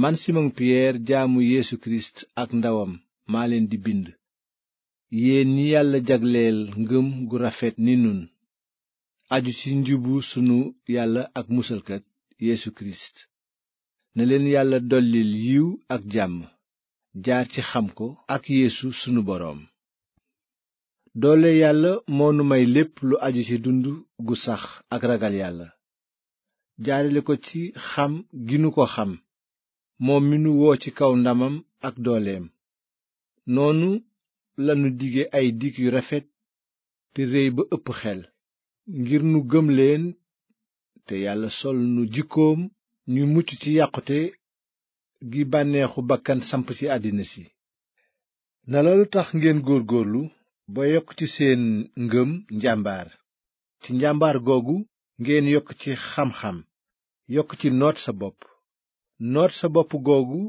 man Simon Piyeer jaamu Yeesu Kirist ak ndawam maa leen di bind yéen ni yàlla jagleel ngëm gu rafet ni nun aju ci njubu sunu yàlla ak musalkat Yeesu Kirist na leen yàlla dollil yiw ak jàmm jaar ci xam ko ak Yeesu sunu boroom doole yàlla moo nu may lépp lu aju ci dund gu sax ak ragal yàlla jaarale ko ci xam gi nu ko xam moom mi nu woo ci kaw ndamam ak dooleem noonu lanu dige ay dikk yu rafet te réy ba ëpp xel ngir nu gëm leen te yàlla sol nu jikkoom ñu mucc ci yàqute gi bànneexu bakkan samp ci àddina si na loolu tax ngeen góorgóorlu ba yokk ci seen ngëm njàmbaar ci njàmbaar googu ngeen yokk ci xam-xam yokk ci noot sa bopp noot sa bopp googu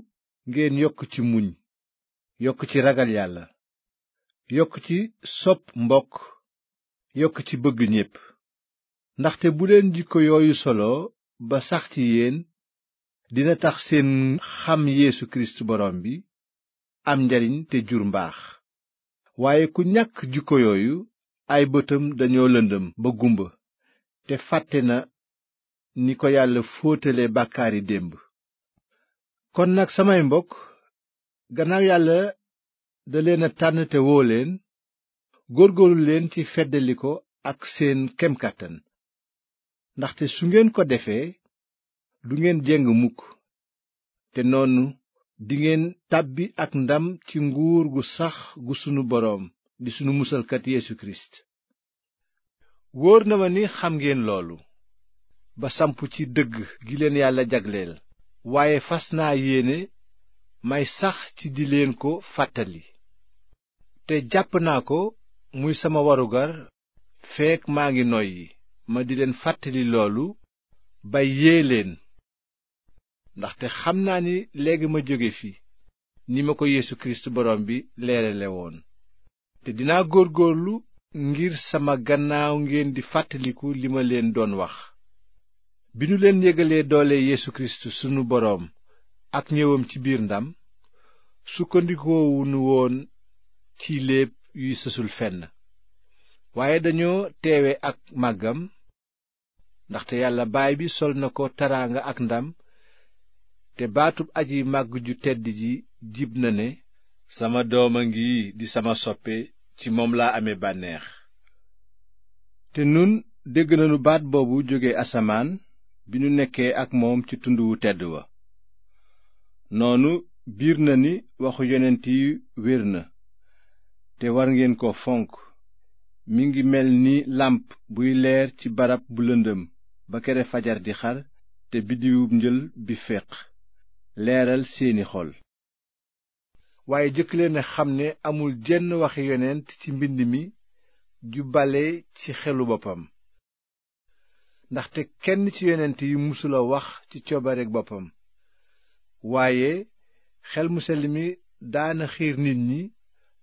ngeen yokk ci muñ yokk ci ragal yàlla yokk ci sopp mbokk yokk ci bëgg ñépp ndaxte buleen jikko yooyu solo ba sax ci yéen dina tax seen xam yéesu Kirist borom bi am njariñ te jur mbaax waaye ku ñàkk jikko yooyu ay bëtam dañoo lëndëm ba gumba te fàtte na ni ko yàlla fóotale bàkkaari démb kon nag samay mbokk gannaaw yàlla da leen a tànn te woo leen góorgóorlu leen ci feddali ko ak seen kem ndaxte su ngeen ko defee du ngeen jeng mukk te noonu dingeen tàbbi ak ndam ci nguur gu sax gu sunu boroom di sunu musalkat Yeesu Kirist wóor na ma ni xam ngeen loolu ba samp ci dëgg gi leen yàlla jagleel waaye fas naa yéene may sax ci di leen ko fàttali te jàpp naa ko muy sama warugar feek maa ngi noy yi ma di leen fàttali loolu bay yee leen ndaxte xam naa ni léegi ma jóge fi ni ma ko Yeesu Kirist borom bi leerale woon te dinaa góor góorlu ngir sama gannaaw ngeen di fàttaliku li ma leen doon wax bi ñu leen yëgalee doole Yeesu Kirist sunu boroom ak ñëwam ci biir ndam sukkandikoowuñu woon ci léeb yuy sësul fenn waaye dañoo teewe ak màggam ndaxte yàlla baay bi sol na ko taraanga ak ndam te baatub aji màgg ju tedd ji jib na ne sama doom a ngi di sama soppe ci moom laa amee bànneex te nun nañu baat boobu jóge asamaan bi nu nekkee ak moom ci tund wu wa noonu biir na ni waxu yonent yi wér na te war ngeen ko fonk mi ngi mel ni làmp buy leer ci barab bu lëndëm ba kere fajar di xar te biddiwub njël bi féq leeral seeni xol waaye jëkk leen xam ne amul jenn waxi yonent ci mbind mi ju bale ci xelu boppam ndaxte kenn ci yonent yi musula wax ci coobareek boppam waaye xel mu sell mi daana xiir nit ñi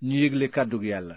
ñu yégle kàddu yàlla